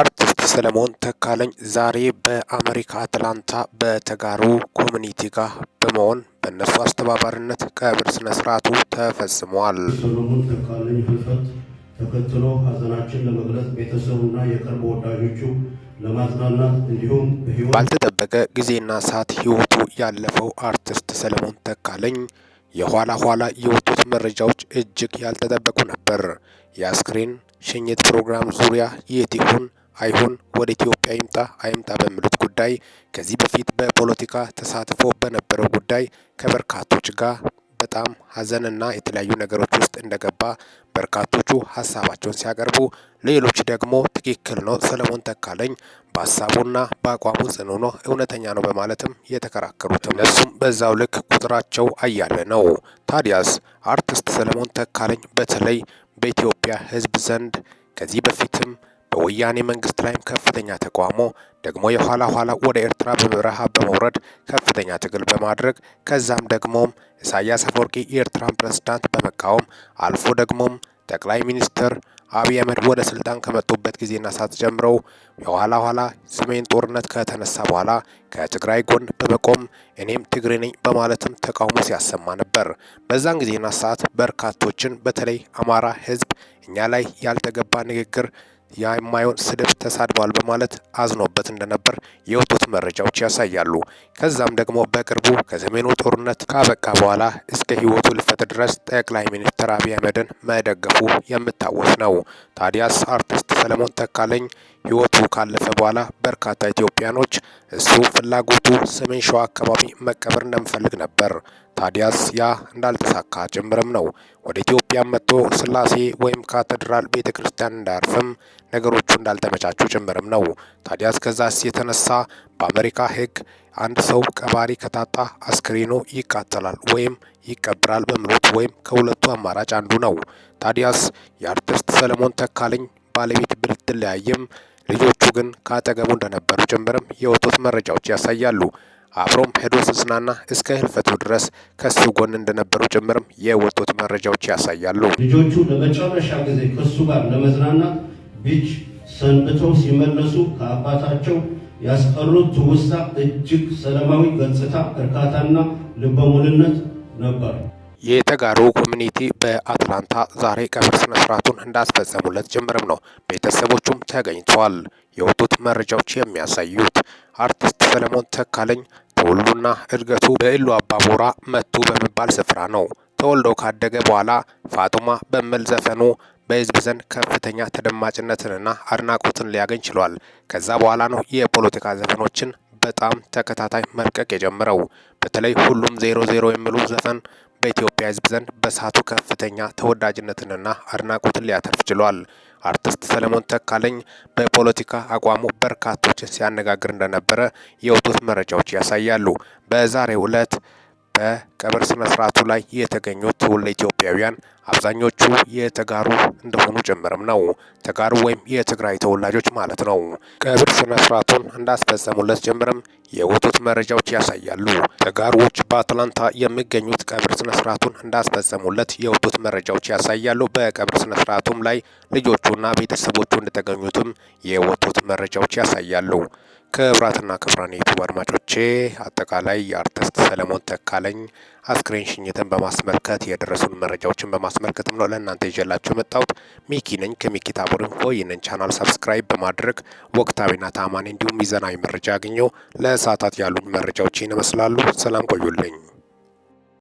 አርቲስት ሰለሞን ተካለኝ ዛሬ በአሜሪካ አትላንታ በተጋሩ ኮሚኒቲ ጋር በመሆን በእነሱ አስተባባሪነት ቀብር ስነ ስርዓቱ ተፈጽሟል። ሰለሞን ተካለኝ ህልፈት ተከትሎ ሀዘናችን ለመግለጽ ቤተሰቡና የቅርብ ወዳጆቹ ባልተጠበቀ ጊዜና ሰዓት ህይወቱ ያለፈው አርቲስት ሰለሞን ተካለኝ የኋላ ኋላ የወጡት መረጃዎች እጅግ ያልተጠበቁ ነበር። የአስክሬን ሽኝት ፕሮግራም ዙሪያ የት ይሆን አይሁን ወደ ኢትዮጵያ ይምጣ አይምጣ በሚሉት ጉዳይ ከዚህ በፊት በፖለቲካ ተሳትፎ በነበረው ጉዳይ ከበርካቶች ጋር በጣም ሀዘንና የተለያዩ ነገሮች ውስጥ እንደገባ በርካቶቹ ሀሳባቸውን ሲያቀርቡ፣ ሌሎች ደግሞ ትክክል ነው ሰለሞን ተካለኝ በሀሳቡና በአቋሙ ጽኑ ነው፣ እውነተኛ ነው በማለትም የተከራከሩት እነሱም በዛው ልክ ቁጥራቸው አያሌ ነው። ታዲያስ አርቲስት ሰለሞን ተካለኝ በተለይ በኢትዮጵያ ሕዝብ ዘንድ ከዚህ በፊትም በወያኔ መንግስት ላይም ከፍተኛ ተቋሞ ደግሞ የኋላ ኋላ ወደ ኤርትራ በበረሃ በመውረድ ከፍተኛ ትግል በማድረግ ከዛም ደግሞም ኢሳያስ አፈወርቂ የኤርትራን ፕሬዝዳንት በመቃወም አልፎ ደግሞም ጠቅላይ ሚኒስትር አብይ አህመድ ወደ ስልጣን ከመጡበት ጊዜና ሰዓት ጀምሮ የኋላ ኋላ ሰሜን ጦርነት ከተነሳ በኋላ ከትግራይ ጎን በመቆም እኔም ትግሬ ነኝ በማለትም ተቃውሞ ሲያሰማ ነበር። በዛን ጊዜና ሰዓት በርካቶችን በተለይ አማራ ህዝብ እኛ ላይ ያልተገባ ንግግር የማይሆን ስድብ ተሳድቧል በማለት አዝኖበት እንደነበር የወጡት መረጃዎች ያሳያሉ። ከዛም ደግሞ በቅርቡ ከሰሜኑ ጦርነት ካበቃ በኋላ እስከ ህይወቱ ልፈት ድረስ ጠቅላይ ሚኒስትር አብይ አህመድን መደገፉ የምታወስ ነው። ታዲያስ አርቲስት ሰለሞን ተካለኝ ህይወቱ ካለፈ በኋላ በርካታ ኢትዮጵያኖች እሱ ፍላጎቱ ሰሜን ሸዋ አካባቢ መቀበር እንደምፈልግ ነበር። ታዲያስ ያ እንዳልተሳካ ጭምርም ነው። ወደ ኢትዮጵያ መጥቶ ስላሴ ወይም ካቴድራል ቤተ ክርስቲያን እንዳያርፍም ነገሮቹ እንዳልተመቻቹ ጭምርም ነው። ታዲያስ ከዛስ የተነሳ በአሜሪካ ሕግ አንድ ሰው ቀባሪ ከታጣ አስክሬኑ ይቃጠላል ወይም ይቀብራል በምሎት ወይም ከሁለቱ አማራጭ አንዱ ነው። ታዲያስ የአርቲስት ሰለሞን ተካልኝ ባለቤት ብትለያይም ልጆቹ ግን ከአጠገቡ እንደነበሩ ጭምርም የወጡት መረጃዎች ያሳያሉ። አብሮም ሄዶ ሲጽናና እስከ ህልፈቱ ድረስ ከሱ ጎን እንደነበሩ ጭምርም የወጡት መረጃዎች ያሳያሉ። ልጆቹ ለመጨረሻ ጊዜ ከሱ ጋር ለመዝናናት ቢች ሰንብተው ሲመለሱ ከአባታቸው ያስቀሩት ትውስታ እጅግ ሰላማዊ ገጽታ፣ እርካታና ልበሙልነት ነበር። የተጋሩ ኮሚኒቲ በአትላንታ ዛሬ ቀብር ስነ ስርዓቱን እንዳስፈጸሙለት ጭምርም ነው። ቤተሰቦቹም ተገኝተዋል። የወጡት መረጃዎች የሚያሳዩት አርቲስት ሰለሞን ተካለኝ ተወልዶና እድገቱ በኢሉ አባቦራ መቱ በሚባል ስፍራ ነው። ተወልዶ ካደገ በኋላ ፋጡማ በሚል ዘፈኑ በህዝብ ዘንድ ከፍተኛ ተደማጭነትንና አድናቆትን ሊያገኝ ችሏል። ከዛ በኋላ ነው የፖለቲካ ዘፈኖችን በጣም ተከታታይ መልቀቅ የጀመረው። በተለይ ሁሉም ዜሮ ዜሮ የሚሉ ዘፈን በኢትዮጵያ ህዝብ ዘንድ በሳቱ ከፍተኛ ተወዳጅነትንና አድናቆትን ሊያተርፍ ችሏል። አርቲስት ሰለሞን ተካልኝ በፖለቲካ አቋሙ በርካቶችን ሲያነጋግር እንደነበረ የወጡት መረጃዎች ያሳያሉ። በዛሬው ዕለት በ ቀብር ስነ ስርዓቱ ላይ የተገኙት ትውልደ ኢትዮጵያውያን አብዛኞቹ የተጋሩ እንደሆኑ ጭምርም ነው። ተጋሩ ወይም የትግራይ ተወላጆች ማለት ነው። ቀብር ስነ ስርዓቱን እንዳስፈጸሙለት ጭምርም የወጡት መረጃዎች ያሳያሉ። ተጋሩዎች በአትላንታ የሚገኙት ቀብር ስነ ስርዓቱን እንዳስፈጸሙለት የወጡት መረጃዎች ያሳያሉ። በቀብር ስነ ስርዓቱም ላይ ልጆቹና ቤተሰቦቹ እንደተገኙትም የወጡት መረጃዎች ያሳያሉ። ክብራትና ክብራን የዩቱብ አድማጮቼ አጠቃላይ የአርቲስት ሰለሞን ተካለኝ አስክሬን ሽኝትን በማስመልከት የደረሱን መረጃዎችን በማስመልከትም ነው ለእናንተ ይዤላችሁ የመጣሁት። ሚኪ ነኝ ከሚኪ ታቦር ኢንፎ። ይህንን ቻናል ሰብስክራይብ በማድረግ ወቅታዊና ታማኒ እንዲሁም ሚዛናዊ መረጃ ያገኘው። ለሰዓታት ያሉኝ መረጃዎች ይመስላሉ። ሰላም ቆዩልኝ።